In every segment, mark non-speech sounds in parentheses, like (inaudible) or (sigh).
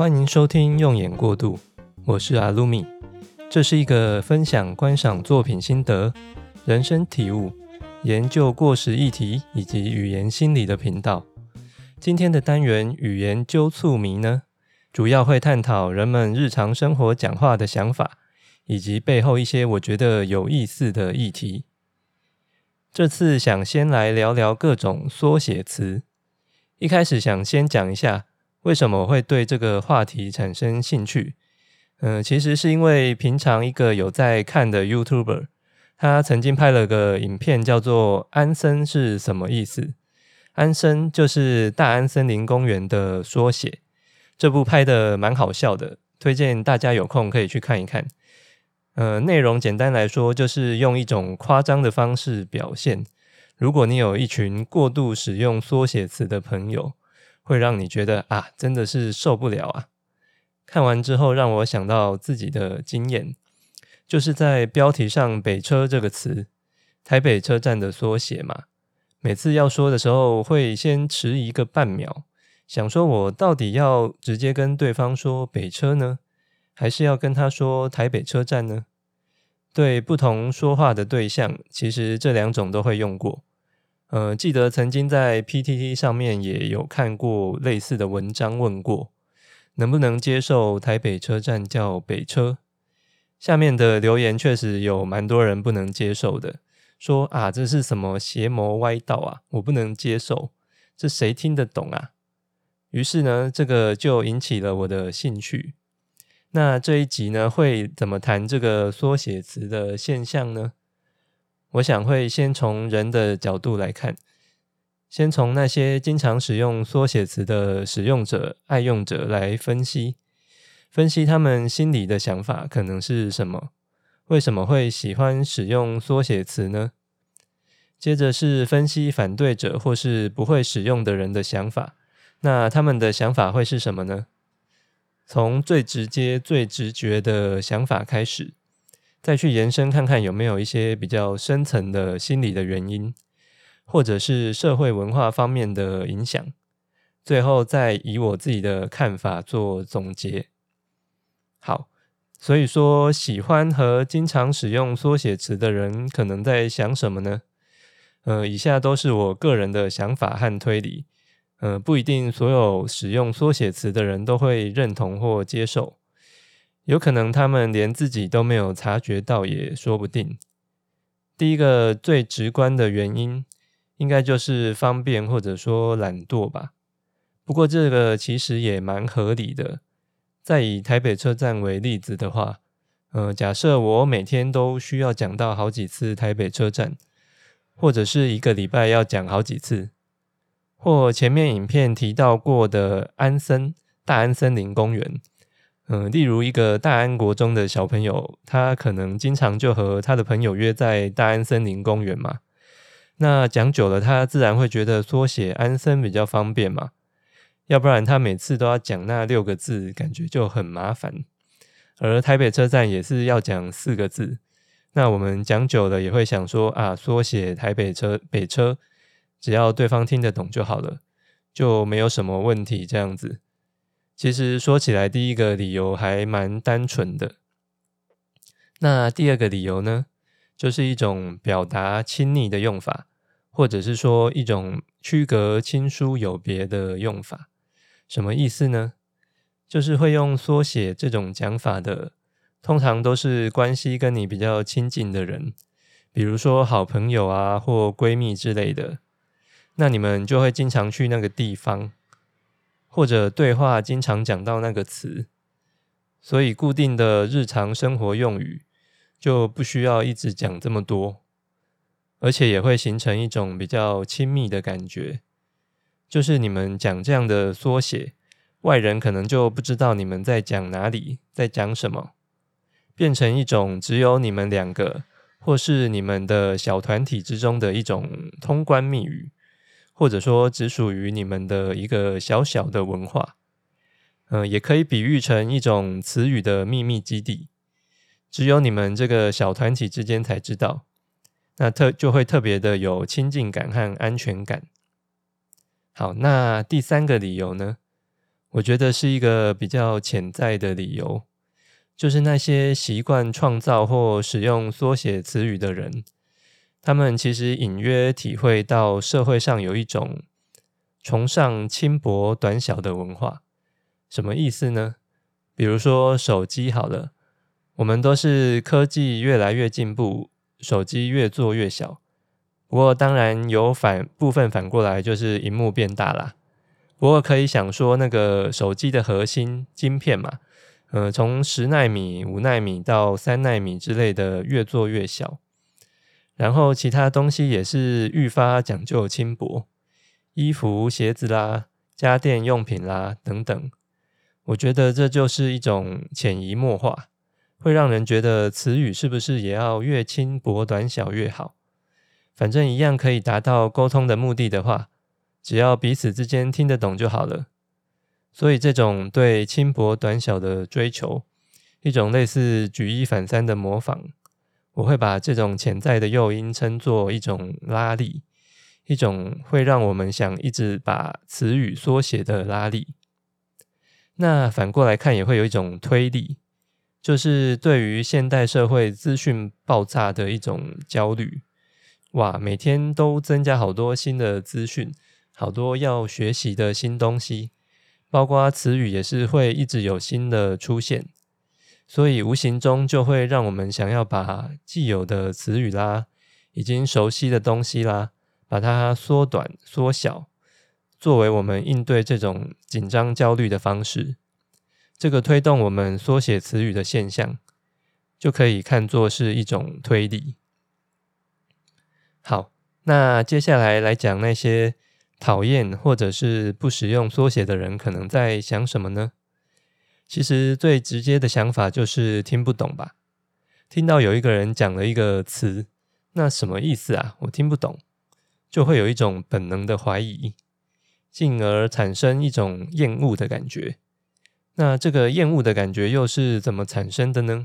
歡迎收聽《用眼過度》，我是阿魯米。這是一個分享觀賞作品心得、人生體悟、研究過時議題以及語言心理的頻道。今天的單元“語言揪觸謎”呢，主要會探討人們日常生活講話的想法，以及背後一些我覺得有意思的議題。這次想先來聊聊各種縮寫詞。一開始想先講一下。為什麼會對這個話題產生興趣？嗯、呃，其實是因為平常一個有在看的 YouTuber，他曾經拍了個影片，叫做“安森”是什麼意思？“安森”就是大安森林公園的縮寫。這部拍得蠻好笑的，推薦大家有空可以去看一看。呃，內容簡單來說，就是用一種誇張的方式表現。如果你有一群過度使用縮寫詞的朋友。會讓你覺得啊，真的是受不了啊！看完之後，讓我想到自己的經驗，就是在標題上“北車”這個詞，台北車站的縮寫嘛。每次要說的時候，會先遲一個半秒，想說我到底要直接跟對方說“北車”呢，還是要跟他說“台北車站”呢？對不同說話的對象，其實這兩種都會用過。呃，記得曾經在 PTT 上面也有看過類似的文章，問過能不能接受台北車站叫北車？下面的留言確實有蠻多人不能接受的，說啊，這是什麼邪魔歪道啊，我不能接受，這誰聽得懂啊？於是呢，這個就引起了我的興趣。那這一集呢，會怎麼談這個縮寫詞的現象呢？我想會先從人的角度來看，先從那些經常使用縮寫詞的使用者、愛用者來分析，分析他們心裡的想法可能是什麼？為什麼會喜歡使用縮寫詞呢？接着是分析反對者或是不會使用的人的想法，那他們的想法會是什麼呢？從最直接、最直覺的想法開始。再去延伸看看有沒有一些比較深層的心理的原因，或者是社會文化方面的影響。最後再以我自己的看法做總結。好，所以說喜歡和經常使用縮寫詞的人，可能在想什麼呢？呃，以下都是我個人的想法和推理。呃，不一定所有使用縮寫詞的人都會認同或接受。有可能他們連自己都沒有察覺到，也說不定。第一個最直觀的原因，應該就是方便或者說懶惰吧。不過這個其實也蠻合理的。再以台北車站為例子的話，呃，假設我每天都需要講到好幾次台北車站，或者是一個禮拜要講好幾次，或前面影片提到過的安森，大安森林公園。嗯，例如一個大安國中的小朋友，他可能經常就和他的朋友約在大安森林公園嘛。那講久了，他自然會覺得縮寫安森比較方便嘛，要不然他每次都要講那六個字，感覺就很麻煩。而台北車站也是要講四個字，那我們講久了也會想說啊，縮寫台北車，北車，只要對方聽得懂就好了，就沒有什麼問題這樣子。其實說起來，第一個理由還蠻單純的。那第二個理由呢，就是一種表達親昵的用法，或者是說一種區隔親疏有別的用法。什麼意思呢？就是會用縮寫這種講法的，通常都是關係跟你比較親近的人，比如說好朋友啊，或閨蜜之類的。那你們就會經常去那個地方。或者對話經常講到那個詞，所以固定的日常生活用語就不需要一直講這麼多，而且也會形成一種比較親密的感覺。就是你們講這樣的縮寫，外人可能就不知道你們在講哪裡，在講什麼，變成一種只有你們兩個或是你們的小團體之中的一種通關密語。或者說，只屬於你們的一個小小的文化，嗯、呃，也可以比喻成一種詞語的秘密基地，只有你們這個小團體之間才知道。那特就會特別的有親近感和安全感。好，那第三個理由呢？我覺得是一個比較潛在的理由，就是那些習慣創造或使用縮寫詞語的人。他們其實隱約體會到社會上有一種崇尚輕薄短小的文化，什麼意思呢？比如說手機好了，我們都是科技越來越進步，手機越做越小。不過當然有反部分反過來就是熒幕變大啦，不過可以想說，那個手機的核心晶片嘛，呃，從十奈米、五奈米到三奈米之類的，越做越小。然後，其他東西也是愈發講究輕薄，衣服、鞋子啦，家電用品啦，等等。我覺得這就是一種潛移默化，會讓人覺得詞語是不是也要越輕薄、短小越好？反正一樣可以達到溝通的目的的話，只要彼此之間聽得懂就好了。所以，這種對輕薄短小的追求，一種類似舉一反三的模仿。我會把這種潛在的誘因稱作一種拉力，一種會讓我們想一直把詞語縮寫的拉力。那反過來看，也會有一種推力，就是對於現代社會資訊爆炸的一種焦慮。哇，每天都增加好多新的資訊，好多要學習的新東西，包括詞語也是會一直有新的出現。所以無形中就會讓我們想要把既有的詞語啦、已經熟悉的東西啦，把它縮短、縮小，作為我們應對這種緊張、焦慮的方式。這個推動我們縮寫詞語的現象，就可以看作是一種推理。好，那接下來來講那些討厭或者是不使用縮寫的人，可能在想什麼呢？其實最直接的想法就是聽不懂吧？聽到有一個人講了一個詞，那什麼意思啊？我聽不懂，就會有一種本能的懷疑，進而產生一種厭惡的感覺。那這個厭惡的感覺又是怎麼產生的呢？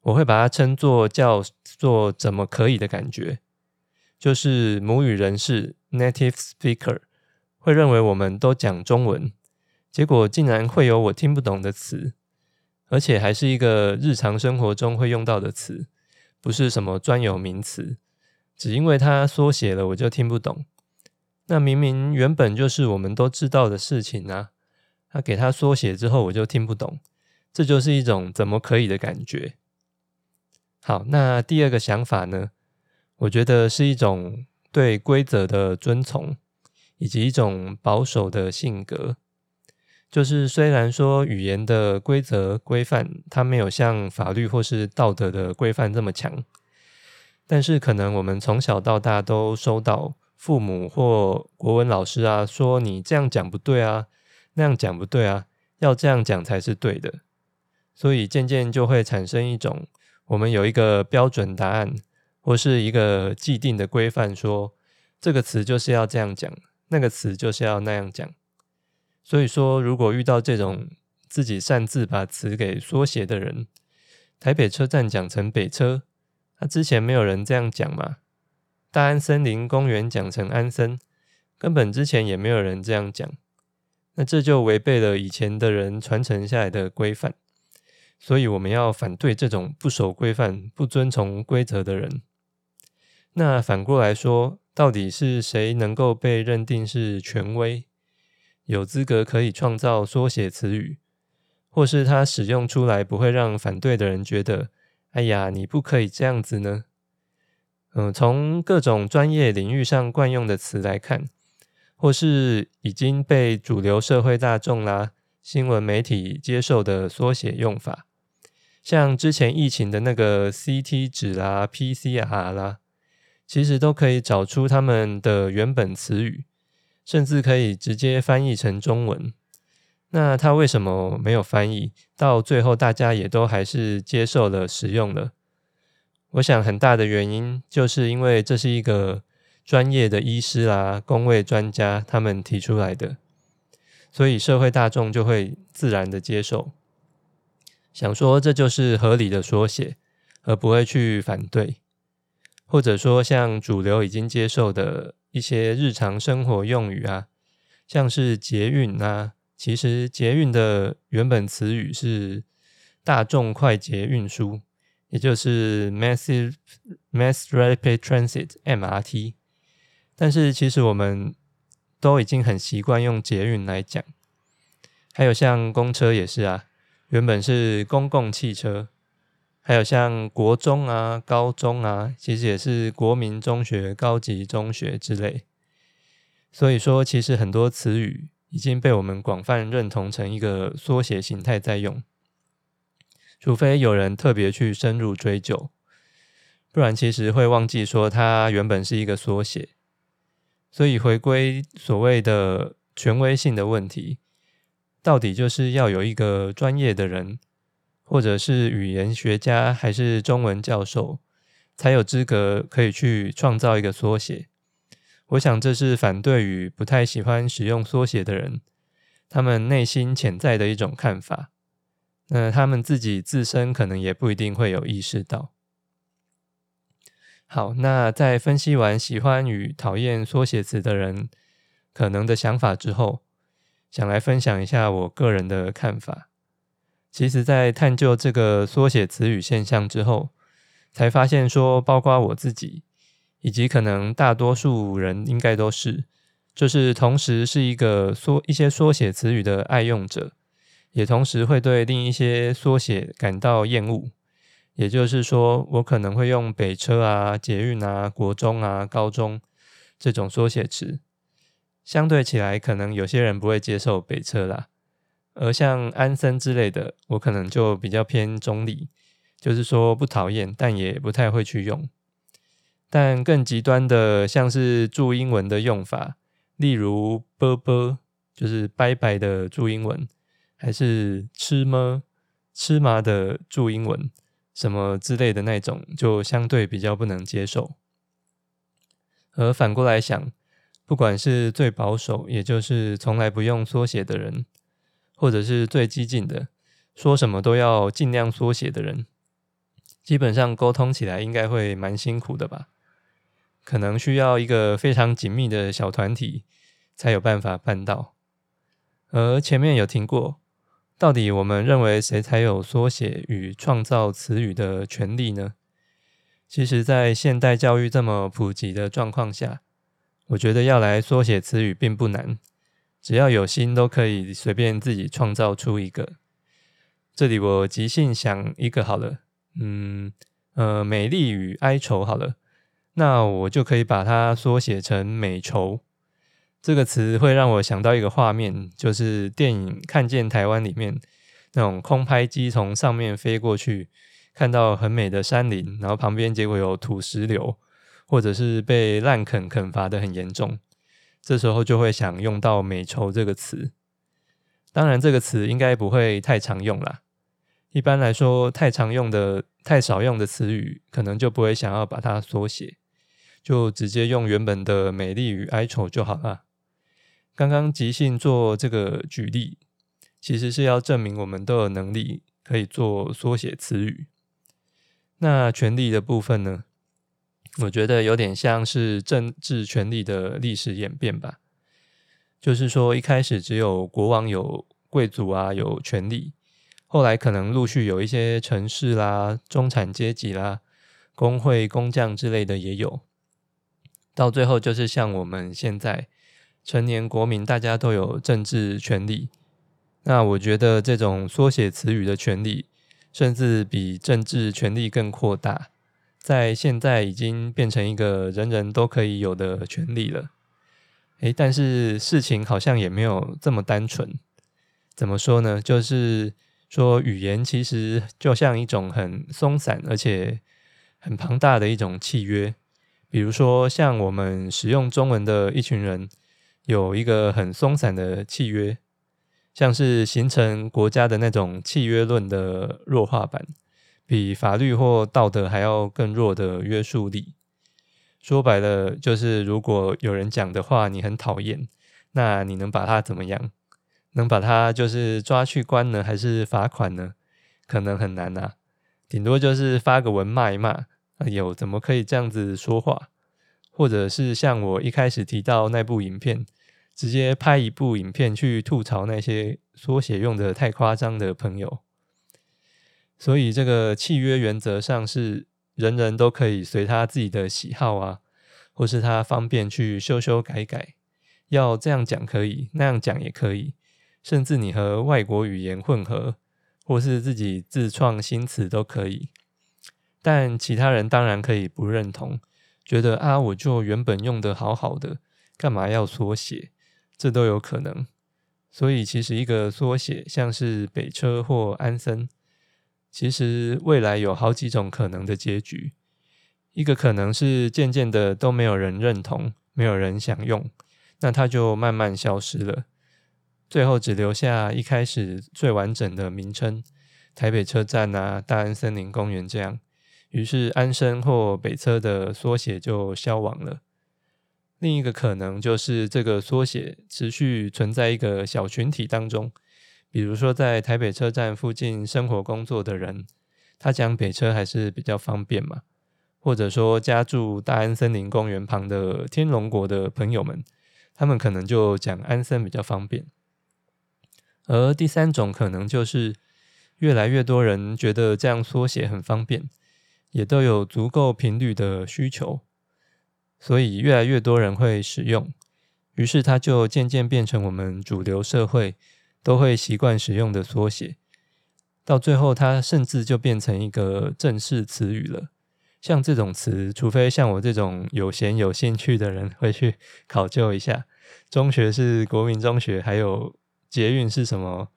我會把它稱作叫做“怎麼可以”的感覺，就是母語人士 （native speaker） 會認為我們都講中文。結果竟然會有我聽不懂的詞，而且還是一個日常生活中會用到的詞，不是什麼專有名詞。只因為它縮寫了，我就聽不懂。那明明原本就是我們都知道的事情啊，他給他縮寫之後我就聽不懂，這就是一種怎麼可以的感覺。好，那第二個想法呢？我覺得是一種對規則的遵從，以及一種保守的性格。就是雖然說語言的規則規範，它沒有像法律或是道德的規範這麼強，但是可能我們從小到大都收到父母或國文老師啊說，你這樣講不對啊，那樣講不對啊，要這樣講才是對的，所以漸漸就會產生一種我們有一個標準答案或是一個既定的規範，說這個詞就是要這樣講，那個詞就是要那樣講。所以說，如果遇到這種自己擅自把詞給縮寫的人，台北車站講成北車，他啊，之前沒有人這樣講嘛？大安森林公園講成安森，根本之前也沒有人這樣講，那這就違背了以前的人傳承下來的規範。所以我們要反對這種不守規範、不遵從規則的人。那反過來說，到底是誰能夠被認定是權威？有資格可以創造縮寫詞語，或是它使用出來不會讓反對的人覺得，哎呀，你不可以這樣子呢？嗯，從各種專業領域上慣用的詞來看，或是已經被主流社會大眾啦、新聞媒體接受的縮寫用法，像之前疫情的那個 CT 值啦、PCR 啦，其實都可以找出他們的原本詞語。甚至可以直接翻譯成中文。那它為什麼沒有翻譯？到最後，大家也都還是接受了、使用了。我想，很大的原因就是因為這是一個專業的醫師啊、公衛專家他們提出來的，所以社會大眾就會自然的接受，想說這就是合理的縮寫，而不會去反對，或者說像主流已經接受的。一些日常生活用語啊，像是捷運啊，其實捷運的原本詞語是大眾快捷運輸，也就是 massive mass rapid transit MRT，但是其實我們都已經很習慣用捷運來講，還有像公車也是啊，原本是公共汽車。還有像國中啊、高中啊，其實也是國民中學、高級中學之類。所以說，其實很多詞語已經被我們廣泛認同成一個縮寫形態在用。除非有人特別去深入追究，不然其實會忘記說它原本是一個縮寫。所以，回歸所謂的權威性的問題，到底就是要有一個專業的人。或者是語言學家，還是中文教授，才有資格可以去創造一個縮寫。我想這是反對與不太喜歡使用縮寫的人，他們內心潛在的一種看法。那他們自己自身可能也不一定會有意識到。好，那在分析完喜歡與討厭縮寫詞的人可能的想法之後，想來分享一下我個人的看法。其實在探究這個縮寫詞語現象之後，才發現說，包括我自己，以及可能大多數人應該都是，就是同時是一個縮一些縮寫詞語的愛用者，也同時會對另一些縮寫感到厭惡。也就是說，我可能會用北車啊、捷運啊、國中啊、高中這種縮寫詞，相對起來，可能有些人不會接受北車啦。而像安森之類的，我可能就比較偏中立，就是說不討厭，但也不太會去用。但更極端的，像是注音文的用法，例如“啵啵”就是“拜拜”的注音文，還是“吃嗎”“吃嘛”的注音文，什麼之類的那種，就相對比較不能接受。而反過來想，不管是最保守，也就是從來不用縮寫的人。或者是最激進的，說什麼都要盡量縮寫的人，基本上溝通起來應該會蠻辛苦的吧？可能需要一個非常緊密的小團體才有辦法辦到。而前面有聽過，到底我們認為誰才有縮寫與創造詞語的權利呢？其實，在現代教育這麼普及的狀況下，我覺得要來縮寫詞語並不難。只要有心，都可以隨便自己創造出一個。這裡我即興想一個好了，嗯呃，美麗與哀愁好了，那我就可以把它縮寫成“美愁”這個詞，會讓我想到一個畫面，就是電影《看見台灣》裡面那種空拍機從上面飛過去，看到很美的山林，然後旁邊結果有土石流，或者是被濫墾墾伐的很嚴重。這時候就會想用到“美愁”這個詞，當然這個詞應該不會太常用啦。一般來說，太常用的、太少用的詞語，可能就不會想要把它縮寫，就直接用原本的“美麗”與“哀愁”就好了。剛剛即興做這個舉例，其實是要證明我們都有能力可以做縮寫詞語。那權利的部分呢？我覺得有點像是政治權利的歷史演變吧，就是說一開始只有國王、有貴族啊有權利，後來可能陸續有一些城市啦、中產階級啦、工會、工匠之類的也有，到最後就是像我們現在成年國民，大家都有政治權利。那我覺得這種縮寫詞語的權利，甚至比政治權利更擴大。在現在已經變成一個人人都可以有的權利了，誒，但是事情好像也沒有這麼單純。怎麼說呢？就是說，語言其實就像一種很鬆散而且很龐大的一種契約。比如說，像我們使用中文的一群人，有一個很鬆散的契約，像是形成國家的那種契約論的弱化版。比法律或道德還要更弱的約束力，說白了就是，如果有人講的話你很討厭，那你能把他怎麼樣？能把他就是抓去關呢，還是罰款呢？可能很難吶，頂多就是發個文罵一罵，有、哎、怎麼可以這樣子說話？或者是像我一開始提到那部影片，直接拍一部影片去吐槽那些縮寫用的太誇張的朋友。所以這個契約原則上是人人都可以隨他自己的喜好啊，或是他方便去修修改改，要這樣講可以，那樣講也可以，甚至你和外國語言混合，或是自己自創新詞都可以。但其他人當然可以不認同，覺得啊，我就原本用得好好的，幹嘛要縮寫？這都有可能。所以其實一個縮寫，像是北車或安森。其實未來有好幾種可能的結局，一個可能是漸漸的都沒有人認同，沒有人想用，那它就慢慢消失了，最後只留下一開始最完整的名稱，台北車站啊、大安森林公園這樣，於是安森或北車的縮寫就消亡了。另一個可能就是這個縮寫持續存在一個小群體當中。比如說，在台北車站附近生活工作的人，他講北車還是比較方便嘛；或者說，家住大安森林公園旁的天龍國的朋友們，他們可能就講安森比較方便。而第三種可能就是，越來越多人覺得這樣縮寫很方便，也都有足夠頻率的需求，所以越來越多人會使用，於是它就漸漸變成我們主流社會，都會習慣使用的縮寫，到最後它甚至就變成一個正式詞語了。像這種詞，除非像我這種有閒有興趣的人會去考究一下，中學是國民中學，還有捷運是什麼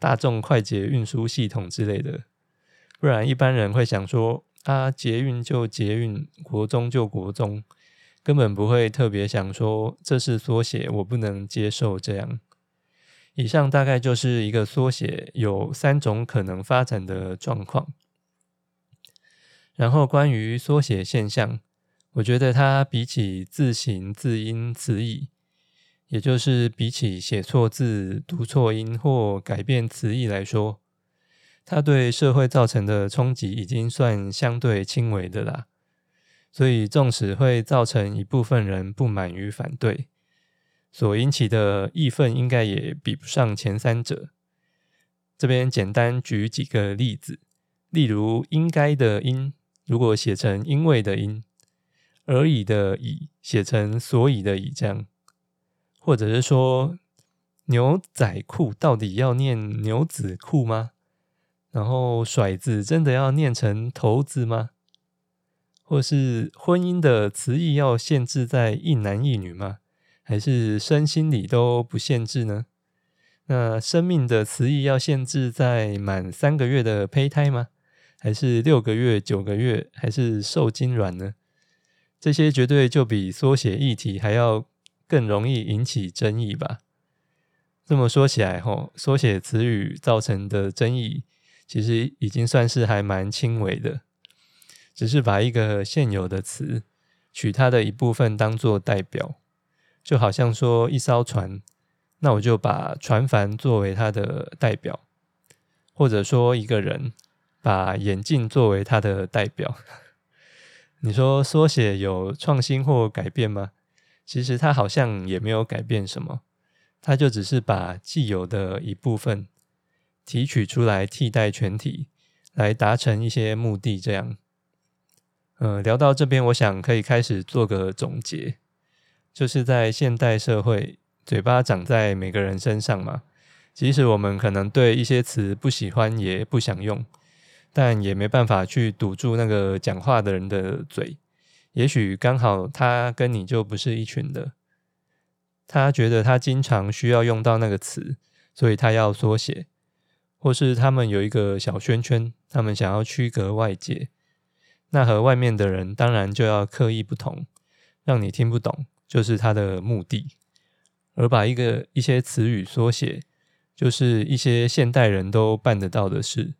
大眾快捷運輸系統之類的，不然一般人會想說啊，捷運就捷運，國中就國中，根本不會特別想說這是縮寫，我不能接受這樣。以上大概就是一個縮寫有三種可能發展的狀況。然後，關於縮寫現象，我覺得它比起字形、字音、詞義，也就是比起寫錯字、讀錯音或改變詞義來說，它對社會造成的衝擊已經算相對輕微的啦。所以，縱使會造成一部分人不滿與反對。所引起的義憤應該也比不上前三者。這邊簡單舉幾個例子，例如“應該”的“應”，如果寫成“因為”的“因”，“而已”的“已”寫成“所以”的“已”這樣，或者是說“牛仔褲”到底要念“牛子褲”嗎？然後“骰子”真的要念成“頭子”嗎？或是“婚姻”的詞義要限制在一男一女嗎？還是身心理都不限制呢？那生命的詞義要限制在滿三個月的胚胎嗎？還是六個月、九個月，還是受精卵呢？這些絕對就比縮寫議題還要更容易引起爭議吧？這麼說起來，吼，縮寫詞語造成的爭議，其實已經算是還蠻輕微的，只是把一個現有的詞取它的一部分當做代表。就好像說一艘船，那我就把船帆作為它的代表，或者說一個人把眼鏡作為它的代表。 (laughs) 你說縮寫有創新或改變嗎？其實它好像也沒有改變什麼，它就只是把既有的一部分提取出來替代全體，來達成一些目的這樣。呃，聊到這邊，我想可以開始做個總結。就是在現代社會，嘴巴長在每個人身上嘛。即使我們可能對一些詞不喜歡，也不想用，但也沒辦法去堵住那個講話的人的嘴。也許剛好他跟你就不是一群的，他覺得他經常需要用到那個詞，所以他要縮寫，或是他們有一個小圈圈，他們想要區隔外界。那和外面的人當然就要刻意不同，讓你聽不懂。就是它的目的，而把一個一些詞語縮寫，就是一些現代人都辦得到的事。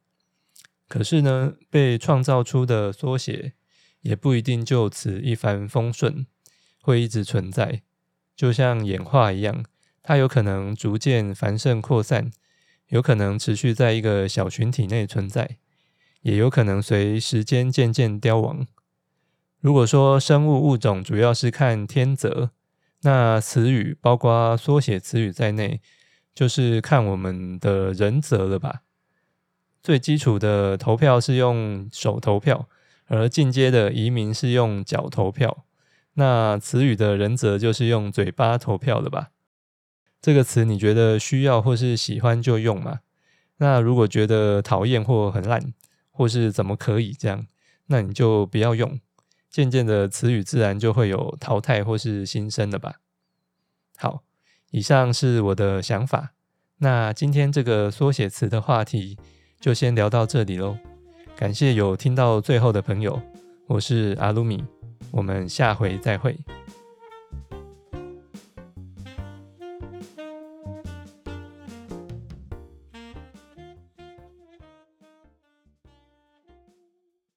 可是呢，被創造出的縮寫也不一定就此一帆風順，會一直存在。就像演化一樣，它有可能逐漸繁盛擴散，有可能持續在一個小群體內存在，也有可能隨時間漸漸凋亡。如果說生物物種主要是看天擇，那詞語包括縮寫詞語在內，就是看我們的人擇了吧？最基礎的投票是用手投票，而進階的移民是用腳投票。那詞語的人擇就是用嘴巴投票了吧？這個詞你覺得需要或是喜歡就用嘛。那如果覺得討厭或很爛或是怎麼可以這樣，那你就不要用。漸漸的，詞語自然就會有淘汰或是新生了吧。好，以上是我的想法。那今天這個縮寫詞的話題就先聊到這裡嘍。感謝有聽到最後的朋友，我是阿魯米，我們下回再會。